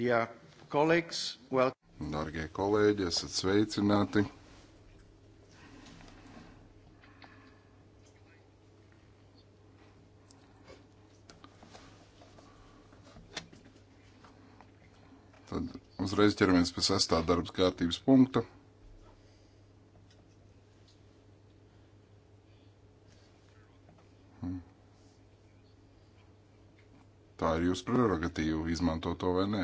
Well... Darbie kolēģi, esat sveicināti! Tad uzreiz ķeramies pie sestā darbas kārtības punkta. jūsu prerogatīva izmantot to vai nē.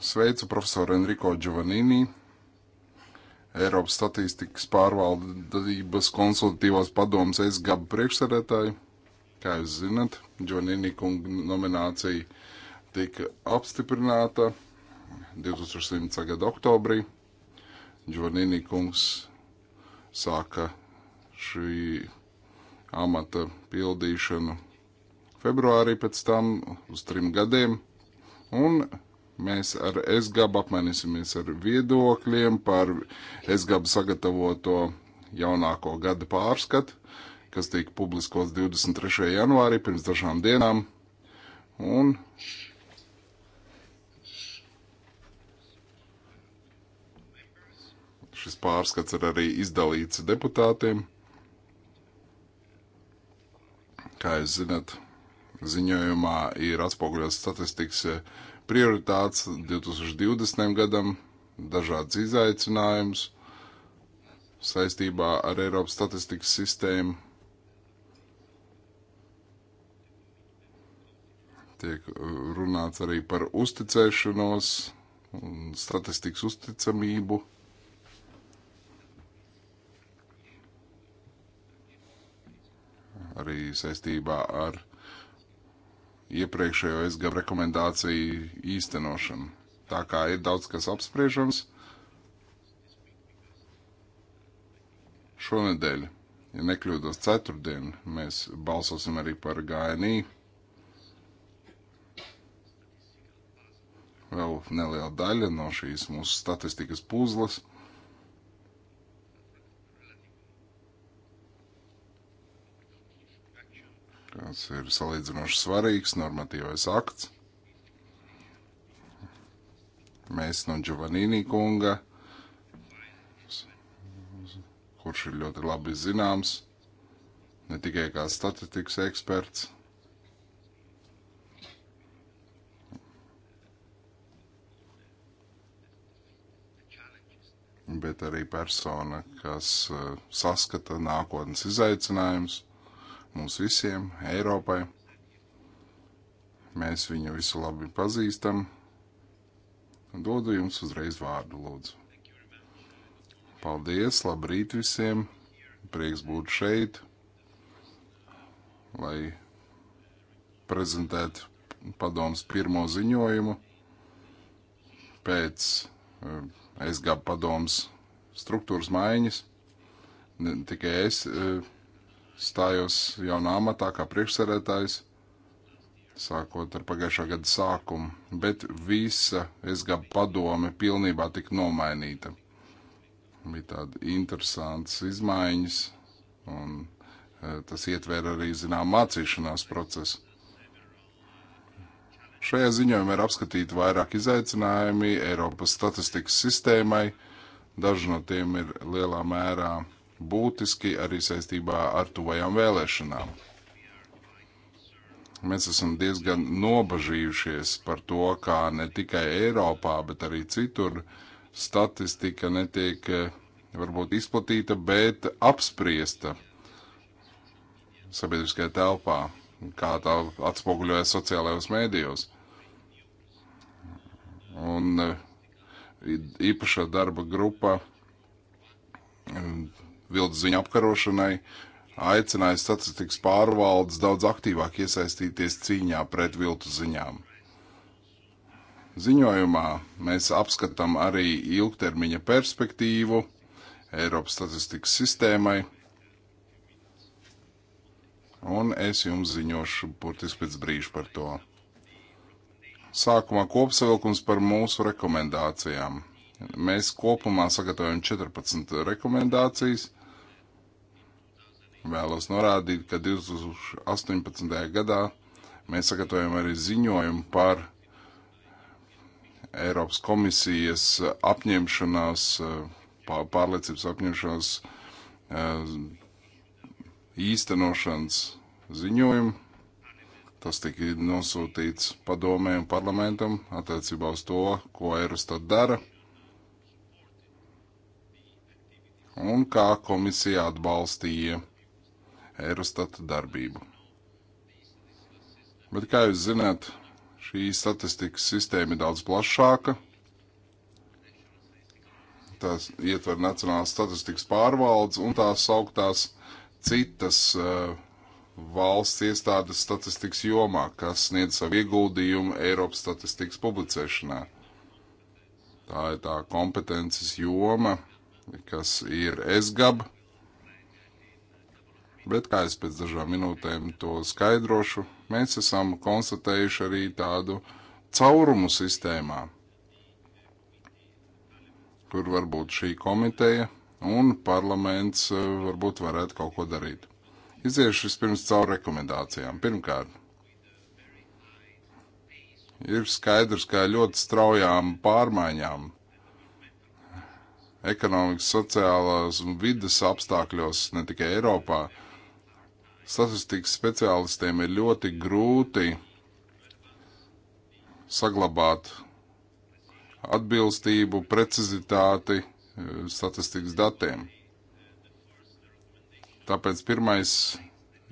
Sveicu profesoru Enrico Giovannini, Eiropas statistikas pārvaldības konsultatīvās padomas SGAB priekšsēdētāju. Kā jūs zinat, Giovannini kunga nominācija tika apstiprināta 2007. gada oktobrī. Giovannini kungs sāka šī amata pildīšanu februārī pēc tam uz trim gadiem, un mēs ar SGAB apmainīsimies ar viedokļiem par SGAB sagatavoto jaunāko gada pārskatu, kas tika publiskots 23. janvārī pirms dažām dienām, un šis pārskats ir arī izdalīts deputātiem. Kā jūs zināt, Ziņojumā ir atspoguļots statistikas prioritātes 2020. gadam, dažādas izaicinājumus saistībā ar Eiropas statistikas sistēmu. Tiek uh, runāts arī par uzticēšanos un statistikas uzticamību. Arī saistībā ar iepriekšējo SGB rekomendāciju īstenošanu. Tā kā ir daudz kas apspriežams šonedēļ, ja nekļūdos ceturtdien, mēs balsosim arī par GNI. Vēl neliela daļa no šīs mūsu statistikas puzles – kas ir salīdzinoši svarīgs normatīvais akts. Mēs no Giovannini kunga, kurš ir ļoti labi zināms, ne tikai kā statistikas eksperts, bet arī persona, kas uh, saskata nākotnes izaicinājumus mums visiem, Eiropai. Mēs viņu visu labi pazīstam. Dodu jums uzreiz vārdu, lūdzu. Paldies, labrīt visiem, prieks būt šeit, lai prezentētu padomus pirmo ziņojumu pēc eh, SGAB padomus struktūras maiņas. Ne tikai es eh, stājos jaunā amatā kā priekšsēdētājs, sākot ar pagājušā gada sākumu, bet visa SGB padome pilnībā tika nomainīta. Bija tāda interesants izmaiņas, un e, tas ietvēra arī, zinām, mācīšanās procesu. Šajā ziņojumā ir apskatīti vairāk izaicinājumi Eiropas statistikas sistēmai. Daži no tiem ir lielā mērā būtiski arī saistībā ar tuvajām vēlēšanām. Mēs esam diezgan nobažījušies par to, kā ne tikai Eiropā, bet arī citur statistika netiek eh, varbūt izplatīta, bet apspriesta sabiedriskajā telpā, kā tā atspoguļojas sociālajos mēdījos. Un eh, īpaša darba grupa mm, viltus ziņu apkarošanai, aicināja statistikas pārvaldes daudz aktīvāk iesaistīties cīņā pret viltus ziņām. Ziņojumā mēs apskatām arī ilgtermiņa perspektīvu Eiropas statistikas sistēmai, un es jums ziņošu burtiski pēc brīža par to. Sākumā kopsavilkums par mūsu rekomendācijām. Mēs kopumā sagatavojam 14 rekomendācijas Vēlos norādīt, ka 2018. gadā mēs sagatavojam arī ziņojumu par Eiropas komisijas apņemšanās, pārliecības apņemšanās eh, īstenošanas ziņojumu. Tas tika nosūtīts padomē un parlamentam attiecībā uz to, ko Eurostat dara un kā komisija atbalstīja Eurostata darbību. Bet, kā jūs zināt, šī statistikas sistēma ir daudz plašāka. Tās ietver Nacionālās statistikas pārvaldes un tās augtās citas uh, valsts iestādes statistikas jomā, kas sniedz savu ieguldījumu Eiropas statistikas publicēšanā. Tā ir tā kompetences joma, kas ir SGAB bet kā es pēc dažām minūtēm to skaidrošu, mēs esam konstatējuši arī tādu caurumu sistēmā, kur varbūt šī komiteja un parlaments eh, varbūt varētu kaut ko darīt. Iziešu vispirms caur rekomendācijām. Pirmkārt, ir skaidrs, ka ļoti straujām pārmaiņām ekonomikas, sociālās un vidas apstākļos ne tikai Eiropā, uh, statistikas speciālistiem ir ļoti grūti saglabāt atbilstību, precizitāti eh, statistikas datiem. Tāpēc pirmais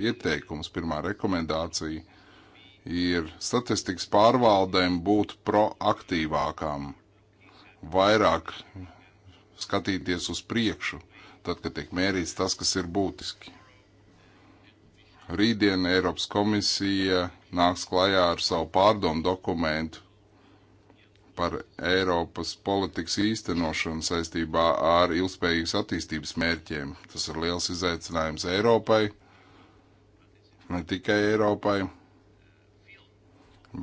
ieteikums, pirmā rekomendācija ir statistikas pārvaldēm būt proaktīvākām, vairāk skatīties uz priekšu, tad, kad tiek mērīts tas, kas ir būtiski rītdien Eiropas komisija nāks klajā ar savu pārdomu dokumentu par Eiropas politikas īstenošanu saistībā ar ilgspējīgas attīstības mērķiem. Tas ir liels izaicinājums Eiropai, ne tikai Eiropai,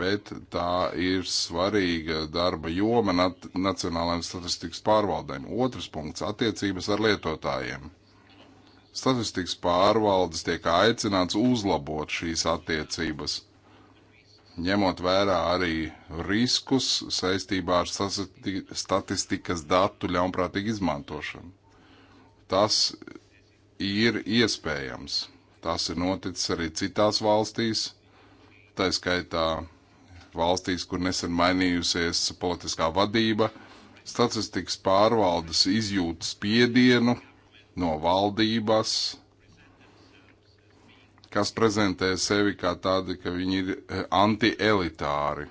bet tā ir svarīga darba joma nacionālajiem statistikas pārvaldēm. Otrs punkts - attiecības ar lietotājiem. Statistikas pārvaldes tiek aicināts uzlabot šīs attiecības, ņemot vērā arī riskus saistībā ar statistikas datu ļaunprātīgu izmantošanu. Tas ir iespējams. Tas ir noticis arī citās valstīs, tā skaitā valstīs, kur nesen mainījusies politiskā vadība, statistikas pārvaldes izjūt spiedienu no valdības, kas prezentē sevi kā tādi, ka viņi ir eh, antielitāri.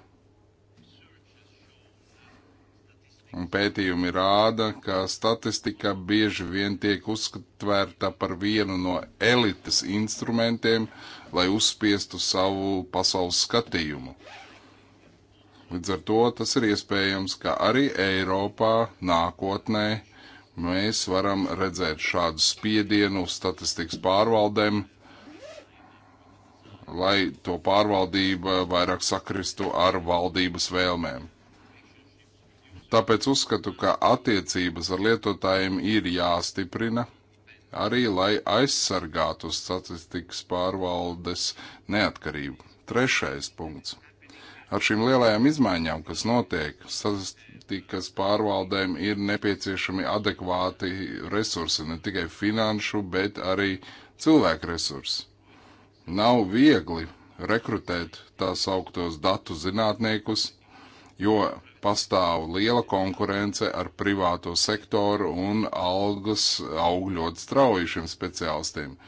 Un pētījumi rāda, ka statistika bieži vien tiek uzskatvērta par vienu no elites instrumentiem, lai uzspiestu savu pasaules skatījumu. Līdz ar to tas ir iespējams, ka arī Eiropā nākotnē mēs varam redzēt šādu spiedienu statistikas pārvaldēm, lai to pārvaldība vairāk sakristu ar valdības vēlmēm. Tāpēc uzskatu, ka attiecības ar lietotājiem ir jāstiprina, arī lai aizsargātu statistikas pārvaldes neatkarību. Trešais punkts Ar šīm lielajām izmaiņām, kas notiek, satikas pārvaldēm ir nepieciešami adekvāti resursi, ne tikai finanšu, bet arī cilvēku resursi. Nav viegli rekrutēt tā sauktos datu zinātniekus, jo pastāv liela konkurence ar privāto sektoru un algas augļot strauji šiem speciālistiem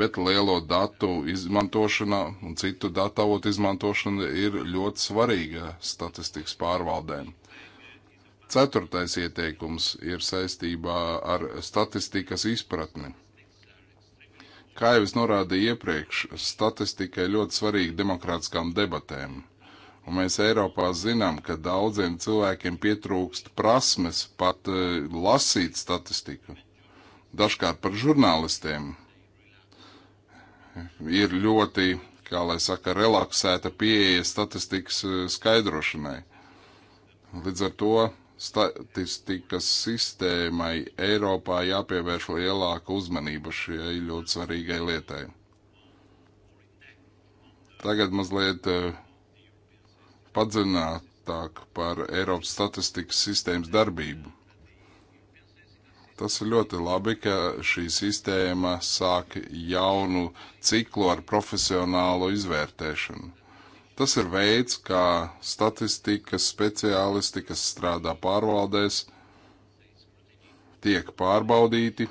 bet lielo datu izmantošana un citu datu avotu izmantošana ir ļoti svarīga statistikas pārvaldēm. Ceturtais ieteikums ir saistībā ar statistikas izpratni. Kā jau es norādīju iepriekš, statistika ir ļoti svarīga demokrātiskām debatēm. Un mēs Eiropā zinām, ka daudziem cilvēkiem pietrūkst prasmes pat uh, lasīt statistiku. Dažkārt par žurnālistiem ir ļoti, kā lai saka, relaksēta pieeja statistikas e, skaidrošanai. Līdz ar to statistikas sistēmai Eiropā jāpievērš lielāka uzmanība šai ļoti svarīgai lietai. Tagad mazliet e, padziļinātāk par Eiropas statistikas sistēmas darbību. Tas ir ļoti labi, ka šī sistēma sāk jaunu ciklu ar profesionālu izvērtēšanu. Tas ir veids, kā statistikas speciālisti, kas strādā pārvaldēs, tiek pārbaudīti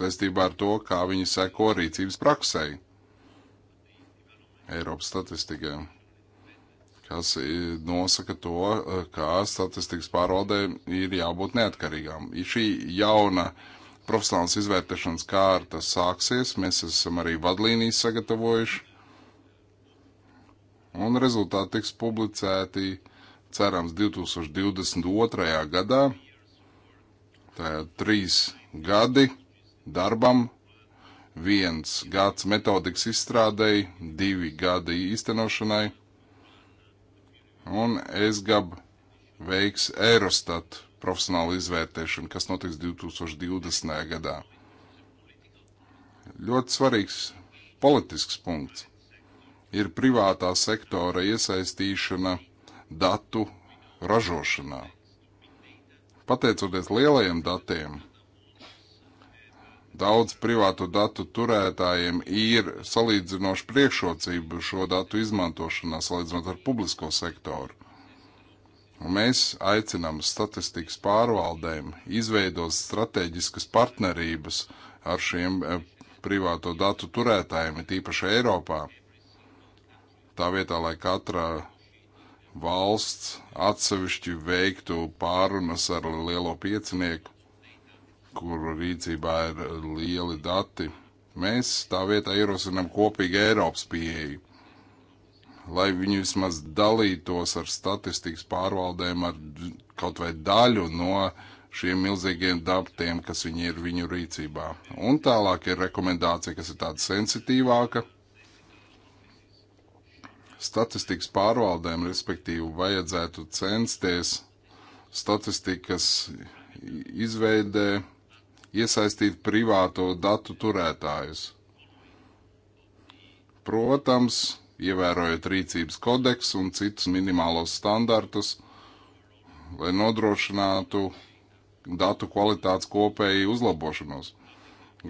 saistībā ar to, kā viņi seko rīcības praksē Eiropas statistikai kas eh, nosaka to, eh, kā statistikas pārvaldē ir jābūt neatkarīgām. Šī jauna profesionālas izvērtēšanas kārta sāksies, mēs esam arī vadlīnijas sagatavojuši, un rezultāti tiks publicēti cerams 2022. gadā. Tā ir trīs gadi darbam, viens gads metodikas izstrādēji, divi gadi īstenošanai un SGAB veiks Eurostat profesionālu izvērtēšanu, kas notiks 2020. gadā. Ļoti svarīgs politisks punkts ir privātā sektora iesaistīšana datu ražošanā. Pateicoties lielajiem datiem, daudz privātu datu turētājiem ir salīdzinoša priekšrocība šo datu izmantošanā, salīdzinot ar publisko sektoru. Un mēs aicinām statistikas pārvaldēm izveidot strateģiskas partnerības ar šiem eh, privāto datu turētājiem, tīpaši Eiropā. Tā vietā, lai katra valsts atsevišķi veiktu pārunas ar lielo piecinieku, kuru rīcībā ir lieli dati. Mēs tā vietā ierosinām kopīgu Eiropas pieeju, lai viņi vismaz dalītos ar statistikas pārvaldēm ar kaut vai daļu no šiem milzīgiem datiem, kas viņi ir viņu rīcībā. Un tālāk ir rekomendācija, kas ir tāda sensitīvāka statistikas pārvaldēm, respektīvi, vajadzētu censties statistikas izveidē iesaistīt privāto datu turētājus. Protams, ievērojot rīcības kodeksu un citus minimālos standartus, lai nodrošinātu datu kvalitātes kopēju uzlabošanos.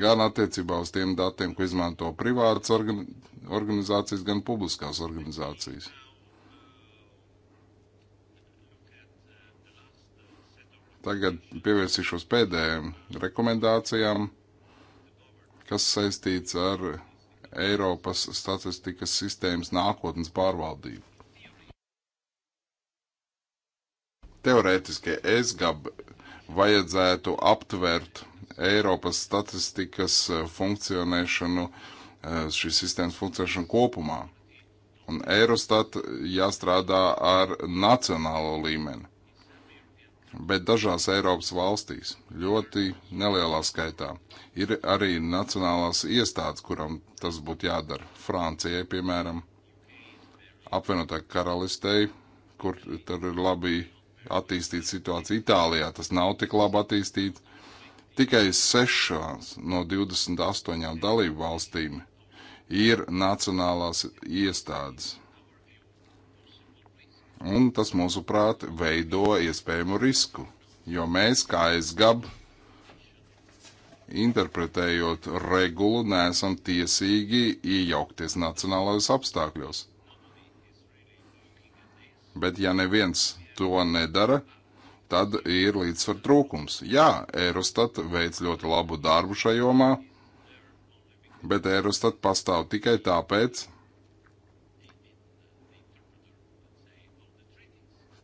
Gan attiecībā uz tiem datiem, ko izmanto privātas organizācijas, gan publiskās organizācijas. Tagad pievērsīšos pēdējām rekomendācijām, kas saistīts ar Eiropas statistikas sistēmas nākotnes pārvaldību. Teorētiski ESGAB vajadzētu aptvert Eiropas statistikas e, funkcionēšanu, e, šīs sistēmas funkcionēšanu kopumā. Un Eurostat jāstrādā ar nacionālo līmeni bet dažās Eiropas valstīs, ļoti nelielā skaitā, ir arī nacionālās iestādes, kuram tas būtu jādara. Francijai, piemēram, apvienotā karalistei, kur tur ir labi attīstīta situācija. Itālijā tas nav tik labi attīstīts. Tikai sešās no 28 dalību valstīm ir nacionālās iestādes. Un tas, mūsuprāt, veido iespējamu risku, jo mēs, kā es gab, interpretējot regulu, neesam tiesīgi iejaukties nacionālajos apstākļos. Bet ja neviens to nedara, tad ir līdzsvar trūkums. Jā, Eurostat veic ļoti labu darbu šajā jomā, bet Eurostat pastāv tikai tāpēc,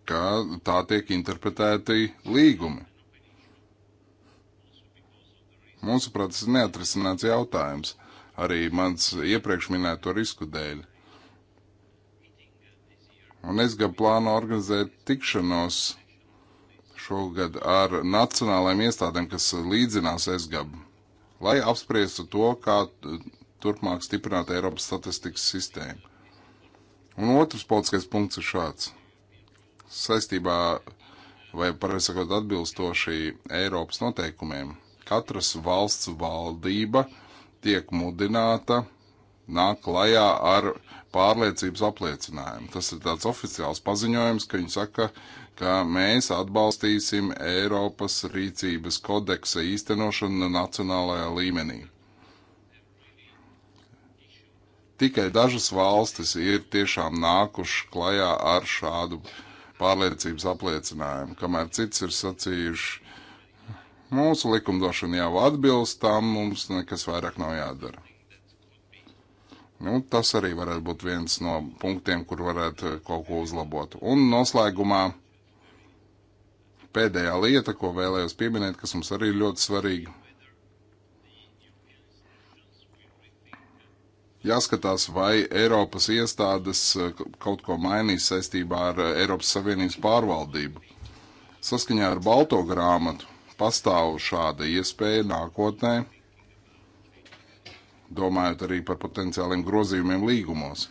ka tā tiek interpretēti līgumi. Mūsuprāt, tas ir neatrisināts jautājums arī mans iepriekš minēto risku dēļ. Un es gan plānu organizēt tikšanos šogad ar nacionālajiem iestādēm, kas līdzinās SGAB, lai apspriestu to, kā turpmāk stiprināt Eiropas statistikas sistēmu. Un otrs politiskais punkts ir šāds saistībā vai, pareizi sakot, atbilstoši Eiropas noteikumiem. Katras valsts valdība tiek mudināta nāk klajā ar pārliecības apliecinājumu. Tas ir tāds oficiāls paziņojums, ka viņi saka, ka mēs atbalstīsim Eiropas rīcības kodeksa īstenošanu nacionālajā līmenī. Tikai dažas valstis ir tiešām nākuši klajā ar šādu uh, pārliecības apliecinājumu, kamēr cits ir sacījuši, mūsu likumdošana jau atbilst tam, mums nekas vairāk nav jādara. Nu, tas arī varētu būt viens no punktiem, kur varētu kaut ko uzlabot. Un noslēgumā pēdējā lieta, ko vēlējos pieminēt, kas mums arī ir ļoti svarīga. jāskatās, vai Eiropas iestādes eh, kaut ko mainīs saistībā ar eh, Eiropas Savienības pārvaldību. Saskaņā ar balto grāmatu pastāv šāda iespēja nākotnē, domājot arī par potenciāliem grozījumiem līgumos.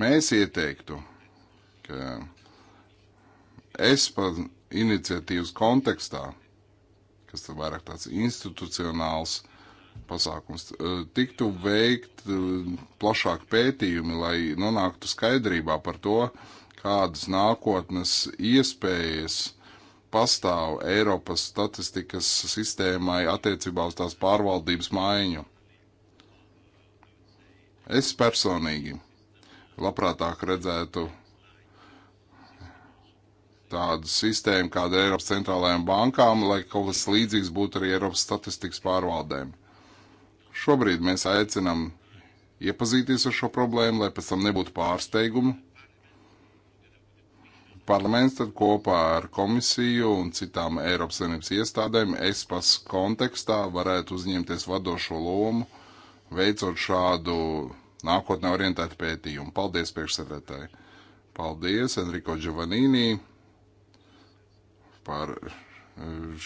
Mēs ieteiktu, ka ESPA iniciatīvas kontekstā, kas ir vairāk tāds institucionāls pasākums, tiktu veikt plašāk pētījumi, lai nonāktu skaidrībā par to, kādas nākotnes iespējas pastāv Eiropas statistikas sistēmai attiecībā uz tās pārvaldības maiņu. Es personīgi labprātāk redzētu tādu sistēmu, kāda ir Eiropas centrālajām bankām, lai kaut kas līdzīgs būtu arī Eiropas statistikas pārvaldēm. Šobrīd mēs aicinam iepazīties ar šo problēmu, lai pēc tam nebūtu pārsteigumu. Parlaments tad kopā ar komisiju un citām Eiropas Savienības iestādēm ESPAS kontekstā varētu uzņemties vadošo lomu, veicot šādu nākotnē orientētu pētījumu. Paldies priekšsēdētāji! Paldies Enrico Giovannini par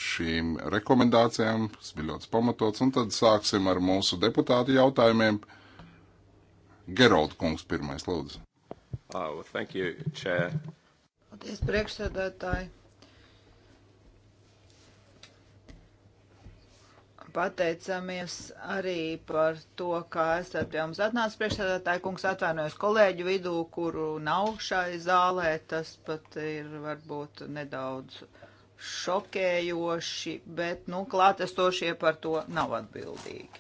šīm rekomendācijām, kas bija ļoti pamatots, un tad sāksim ar mūsu deputātu jautājumiem. Gerolda kungs pirmais, lūdzu. Oh, thank you, chair. Paldies, priekšsēdētāji. Pateicamies arī par to, kā esat pie mums atnācis priekšsēdētāji. Kungs atvainojas kolēģu vidū, kuru nav šai zālē. Tas pat ir varbūt nedaudz uh, šokējoši, bet, nu, klātesošie par to nav atbildīgi.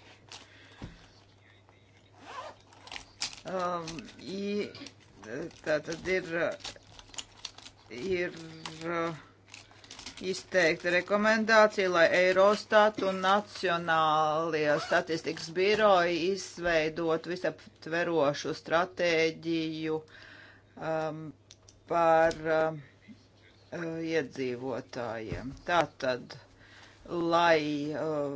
Um, i, tā tad ir, ir uh, izteikta rekomendācija, lai Eirostat un Nacionālie statistikas biroji izveidot visaptverošu stratēģiju um, par um, uh, iedzīvotājiem. Tātad, lai uh,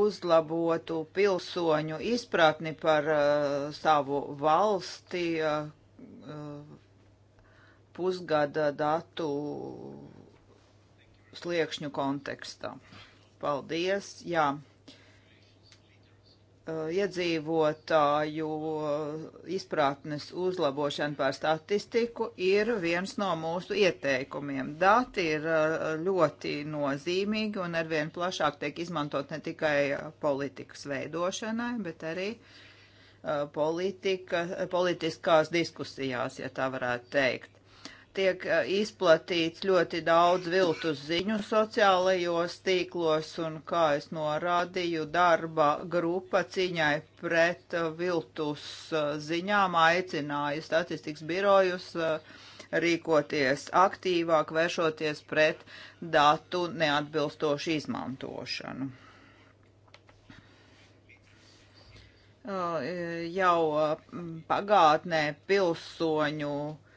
uzlabotu pilsoņu izpratni par uh, savu valsti, uh, pusgada datu sliekšņu kontekstā. Paldies! Jā. Uh, iedzīvotāju uh, izpratnes uzlabošana par statistiku ir viens no mūsu ieteikumiem. Dati ir uh, ļoti nozīmīgi un arvien plašāk tiek izmantot ne tikai politikas veidošanai, bet arī politika, politiskās diskusijās, ja tā varētu teikt tiek izplatīts ļoti daudz viltus ziņu sociālajos tīklos un, kā es norādīju, darba grupa cīņai pret viltus ziņām aicināja statistikas birojus rīkoties aktīvāk, vēršoties pret datu neatbilstošu izmantošanu. Jau pagātnē pilsoņu uh,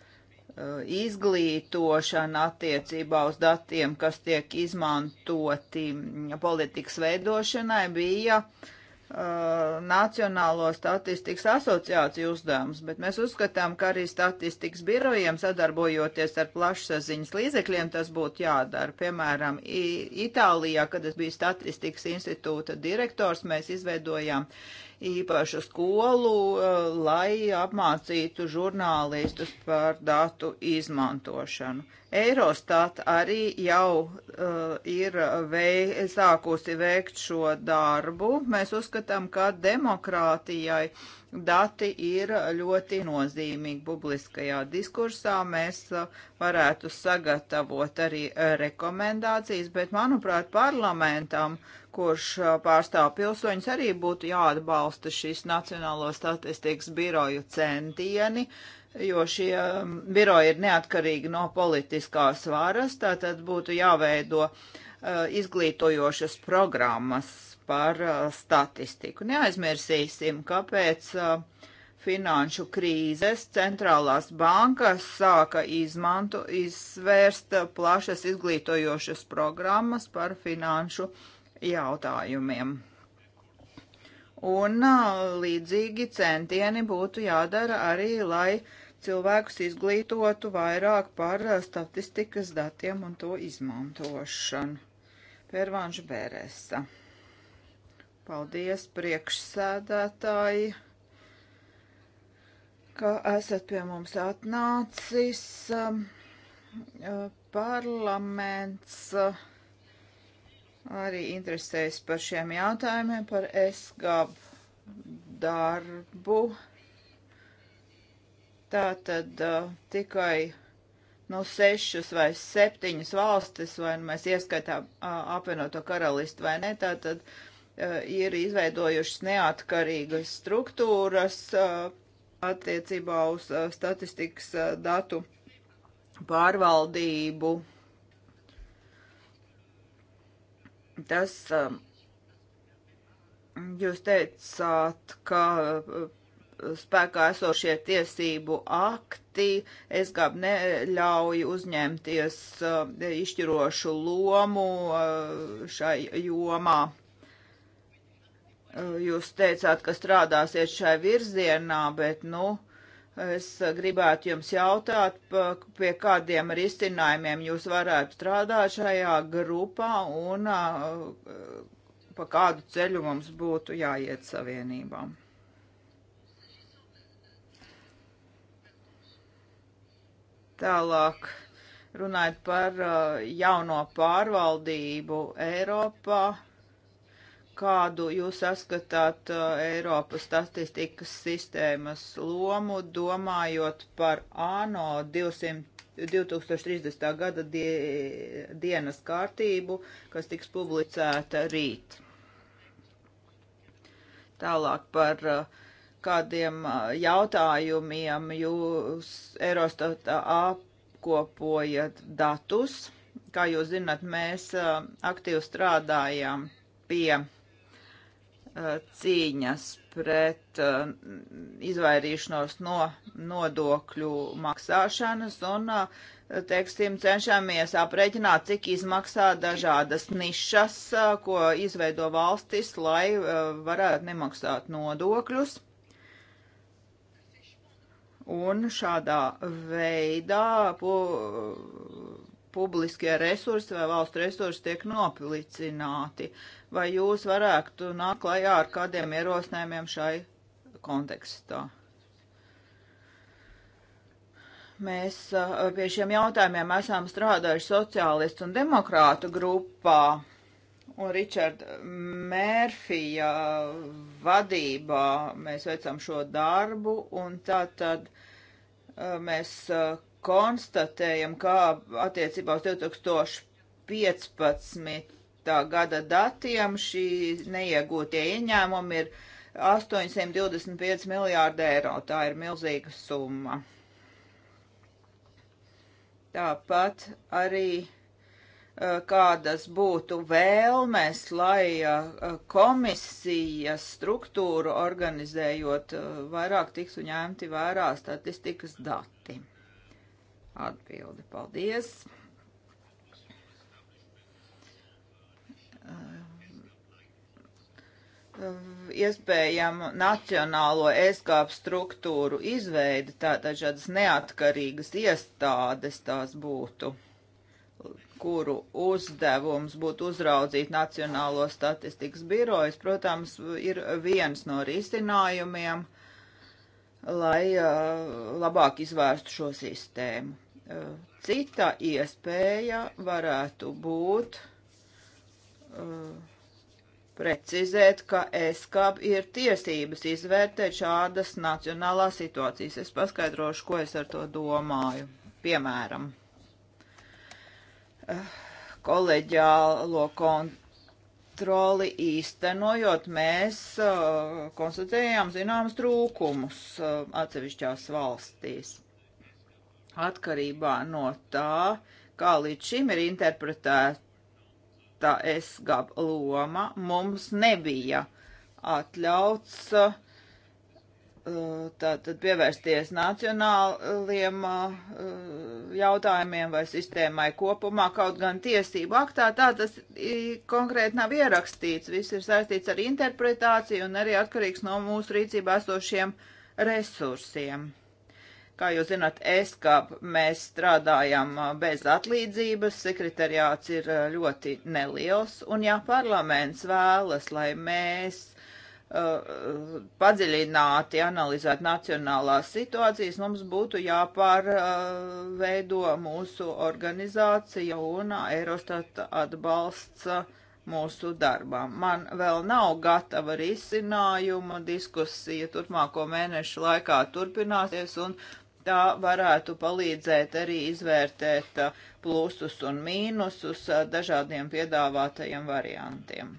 Eh, izglītošana attiecībā uz datiem, kas tiek izmantoti mm, politikas veidošanai, bija uh, Uh, Nacionālo statistikas asociāciju uzdevums, bet mēs uzskatām, ka arī statistikas birojiem sadarbojoties ar plašsaziņas līdzekļiem tas būtu jādara. Piemēram, Itālijā, kad es biju statistikas institūta direktors, mēs izveidojām īpašu skolu, uh, lai apmācītu žurnālistus par datu izmantošanu. Eurostat arī jau uh, ir uh, vei, sākusi veikt šo darbu. Mēs uzskatām, ka demokrātijai dati ir ļoti nozīmīgi publiskajā diskursā. Mēs uh, varētu sagatavot arī uh, rekomendācijas, bet, manuprāt, parlamentam, kurš uh, pārstāv pilsoņus, arī būtu jāatbalsta šīs Nacionālo statistikas biroju centieni. Uh, jo šie biroji ir neatkarīgi no politiskās varas, tātad būtu jāveido uh, izglītojošas programmas par uh, statistiku. Neaizmirsīsim, kāpēc uh, finanšu krīzes centrālās bankas sāka izmanto, izvērst plašas izglītojošas programmas par finanšu jautājumiem. Un līdzīgi centieni būtu jādara arī, lai uh, cilvēkus izglītotu vairāk par eh, statistikas datiem un to izmantošanu. Pērvāņš Bērēsa. Paldies, priekšsēdētāji, ka esat pie mums atnācis. Um, eh, parlaments eh, arī interesējas par šiem jautājumiem, par SGAB darbu Tā tad uh, tikai nu, sešas vai septiņas valstis, vai nu, mēs ieskaitām uh, apvienoto karalistu vai ne, tā tad uh, ir izveidojušas neatkarīgas struktūras uh, attiecībā uz uh, statistikas uh, datu pārvaldību. Tas um, jūs teicāt, ka uh, spēkā esošie tiesību akti SGAB neļauj uzņemties eh, izšķirošu lomu eh, šai jomā. Eh, jūs teicāt, ka strādāsiet šai virzienā, bet, nu, es gribētu jums jautāt, pie kādiem risinājumiem jūs varētu strādāt šajā grupā un pa kādu ceļu mums būtu jāiet savienībām. Tālāk runājot par uh, jauno pārvaldību Eiropā, kādu jūs saskatāt uh, Eiropas statistikas sistēmas lomu, domājot par ANO 200, 2030. gada die, dienas kārtību, kas tiks publicēta rīt. Tālāk par uh, kādiem jautājumiem jūs Eurostatā apkopojat datus. Kā jūs zinat, mēs aktīvi strādājam pie cīņas pret izvairīšanos no nodokļu maksāšanas un, teiksim, cenšamies aprēķināt, cik izmaksā dažādas nišas, ko izveido valstis, lai varētu nemaksāt nodokļus. Un šādā veidā pu, publiskie resursi vai valstu resursi tiek noplicināti. Vai jūs varētu nākt klajā ar kādiem ierosinājumiem šai kontekstā? Mēs pie šiem jautājumiem esam strādājuši sociālistu un demokrātu grupā un Ričarda Mērfija vadībā mēs veicam šo darbu, un tā tad uh, mēs uh, konstatējam, kā attiecībā uz 2015. gada datiem šī neiegūtie ieņēmumi ir 825 miljārdi eiro. Tā ir milzīga summa. Tāpat arī Eh, kādas būtu vēlmes, lai eh, komisijas struktūru organizējot eh, vairāk tiktu ņemti vērā statistikas dati? Atbildi, paldies. iespējamu nacionālo ESKAP struktūru izveidi, tātad šādas neatkarīgas iestādes tās būtu kuru uzdevums būtu uzraudzīt Nacionālo statistikas birojas, protams, ir viens no risinājumiem, lai uh, labāk izvērstu šo sistēmu. Uh, cita iespēja varētu būt uh, precizēt, ka ESCAP ir tiesības izvērtēt šādas nacionālās situācijas. Es paskaidrošu, ko es ar to domāju. Piemēram, koleģiālo kontroli īstenojot, mēs konstatējām zināmas trūkumus atsevišķās valstīs. Atkarībā no tā, kā līdz šim ir interpretēta SGAB loma, mums nebija atļauts uh, Uh, tātad pievērsties nacionāliem uh, jautājumiem vai sistēmai kopumā, kaut gan tiesību aktā tā tas konkrēti nav ierakstīts. Viss ir saistīts ar interpretāciju un arī atkarīgs no mūsu rīcībā esošiem resursiem. Kā jūs zināt, es, kā mēs strādājam uh, bez atlīdzības, sekretariāts ir ļoti neliels, un ja parlaments vēlas, lai mēs uh, Uh, padziļināti analizēt nacionālās situācijas, mums būtu jāpārveido uh, mūsu organizācija un Eurostata atbalsts uh, mūsu darbām. Man vēl nav gatava risinājuma, diskusija turpmāko mēnešu laikā turpināsies un tā varētu palīdzēt arī izvērtēt plusus un mīnusus dažādiem piedāvātajiem variantiem.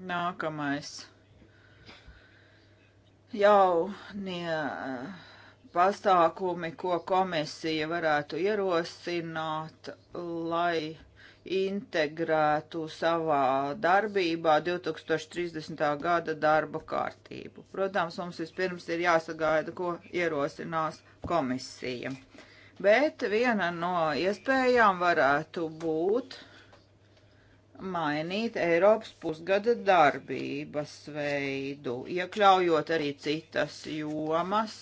Nākamais. Jaunie eh, pasākumi, ko komisija varētu ierosināt, lai integrētu savā darbībā 2030. gada darba kārtību. Protams, mums vispirms ir jāsagaida, ko ierosinās komisija. Bet viena no iespējām varētu būt mainīt Eiropas pusgada darbības veidu, iekļaujot arī citas jomas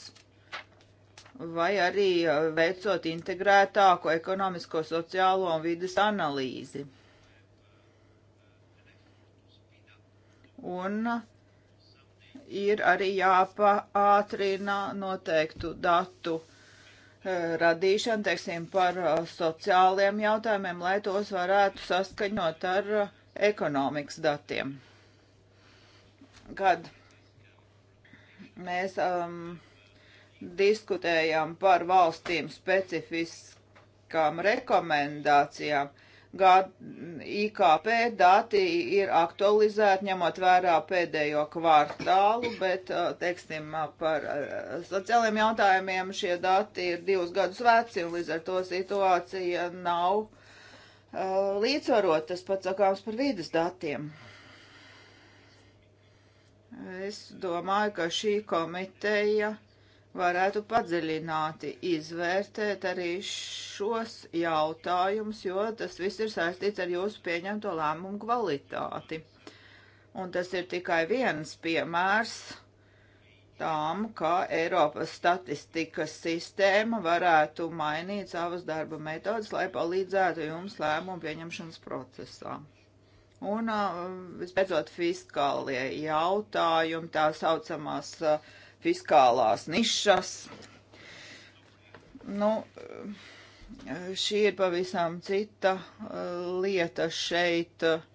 vai arī eh, veicot integrētāko ekonomisko, sociālo un vidas analīzi. Un ir arī jāpaātrina noteiktu datu uh, Eh, radīšanu, teiksim, par eh, sociāliem jautājumiem, lai tos varētu saskaņot ar eh, ekonomikas datiem. Kad mēs um, diskutējām par valstīm specifiskām rekomendācijām, uh, IKP dati ir aktualizēti, ņemot vērā pēdējo kvartālu, bet, uh, teiksim, uh, par uh, sociāliem jautājumiem šie dati ir divus gadus veci, un līdz ar to situācija nav līdzvarot. Tas pats sakāms par vīdes datiem. Es domāju, ka šī komiteja varētu padziļināti izvērtēt arī šos jautājumus, jo tas viss ir saistīts ar jūsu pieņemto lēmumu kvalitāti. Un tas ir tikai viens piemērs tām, kā Eiropas statistikas sistēma varētu mainīt savas darba metodas, lai palīdzētu jums lēmumu pieņemšanas procesā. Un, visbeidzot, fiskālie jautājumi, tā saucamās uh, fiskālās nišas. Nu, šī ir pavisam cita uh, lieta šeit. Uh,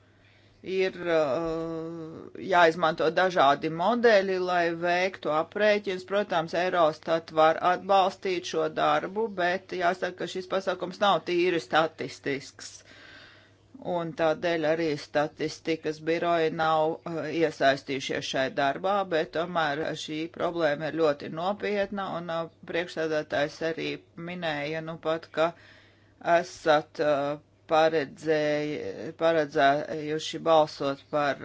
ir uh, jāizmanto dažādi modeļi, lai veiktu aprēķins. Protams, Eurostat var atbalstīt šo darbu, bet jāsaka, ka šis pasākums nav tīri statistisks. Uh, un tādēļ arī statistikas biroji nav uh, iesaistījušies šai darbā, bet tomēr šī problēma ir ļoti nopietna, un uh, priekšsēdētājs arī minēja, nu pat, ka esat uh, paredzējuši balsot par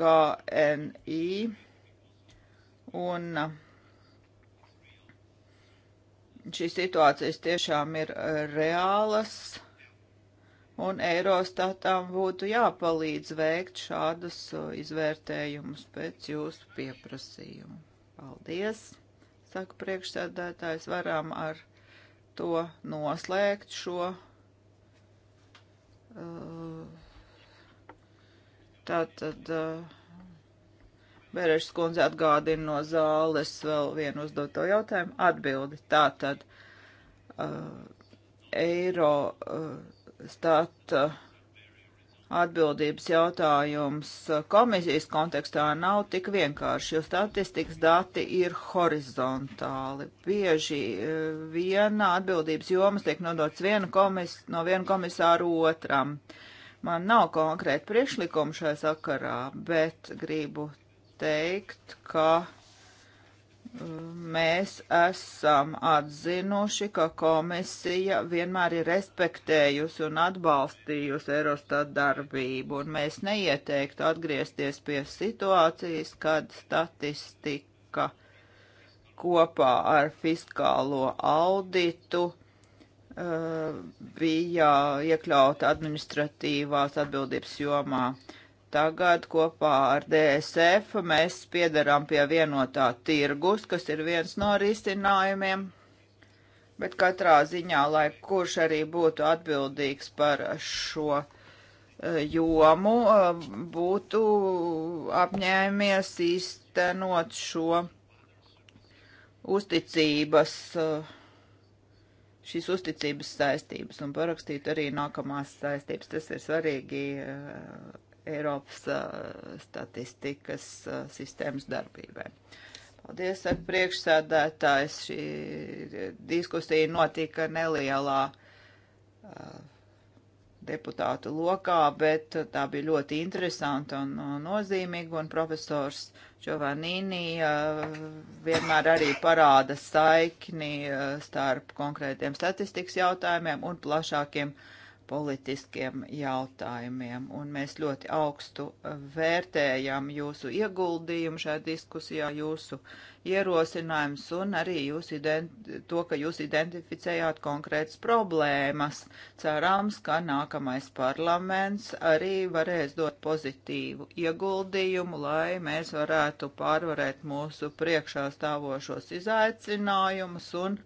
GNI, un šīs situācijas tiešām ir eh, reālas, un Eirostatām būtu jāpalīdz veikt šādus eh, izvērtējumus pēc jūsu pieprasījumu. Paldies, saka priekšsēdētājs, varam ar to noslēgt šo. Uh, tātad. Uh, Bērešs kundze atgādina no zāles vēl vienu uzdoto jautājumu. Atbildi tātad uh, eiro uh, stata uh, atbildības jautājums uh, komisijas kontekstā nav tik vienkārši, jo statistikas dati ir horizontāli. Bieži uh, viena atbildības jomas tiek nodots vienu komis, no viena komisāru otram. Man nav konkrēti priekšlikumi šai sakarā, bet gribu teikt, ka mm, mēs esam atzinuši, ka komisija vienmēr ir respektējusi un atbalstījusi Eurostat darbību, un mēs neieteiktu atgriezties pie situācijas, kad statistika kopā ar fiskālo auditu uh, bija iekļauta administratīvās atbildības jomā. Uh, Tagad kopā ar DSF mēs piedarām pie vienotā tirgus, kas ir viens no risinājumiem. Bet katrā ziņā, lai kurš arī būtu atbildīgs par šo eh, jomu, eh, būtu apņēmies īstenot šo uzticības, eh, šīs uzticības saistības un parakstīt arī nākamās saistības. Tas ir svarīgi Eiropas statistikas sistēmas darbībai. Paldies, ar priekšsēdētājs. Šī diskusija notika nelielā deputātu lokā, bet tā bija ļoti interesanta un nozīmīga, un profesors Čovanīnī vienmēr arī parāda saikni starp konkrētiem statistikas jautājumiem un plašākiem jautājumiem politiskiem jautājumiem, un mēs ļoti augstu vērtējam jūsu ieguldījumu šajā diskusijā, jūsu ierosinājums un arī jūs to, ka jūs identificējāt konkrētas problēmas. Cerams, ka nākamais parlaments arī varēs dot pozitīvu ieguldījumu, lai mēs varētu pārvarēt mūsu priekšā stāvošos izaicinājumus un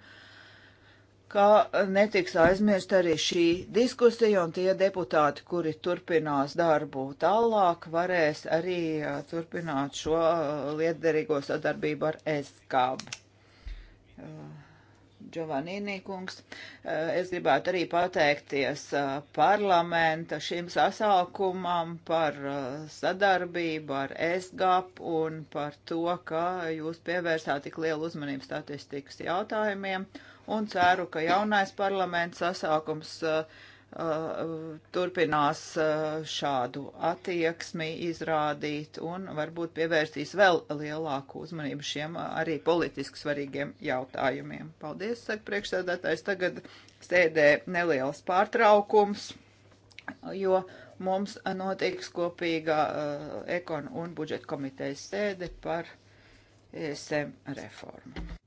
ka netiks aizmirst arī šī diskusija, un tie deputāti, kuri turpinās darbu tālāk, varēs arī turpināt šo lietderīgo sadarbību ar ESKAB. Giovannini kungs, es gribētu arī pateikties parlamenta šim sasaukumam par sadarbību ar ESGAP un par to, ka jūs pievērsāt tik lielu uzmanību statistikas jautājumiem. Uh, un ceru, ka jaunais parlaments sasaukums uh, uh turpinās uh, šādu attieksmi izrādīt un varbūt pievērsīs vēl lielāku uzmanību šiem uh, arī politiski svarīgiem jautājumiem. Paldies, saka priekšsēdētājs. Tagad sēdē neliels pārtraukums, jo mums notiks kopīga ekon un budžeta komitejas sēde par ESM reformu.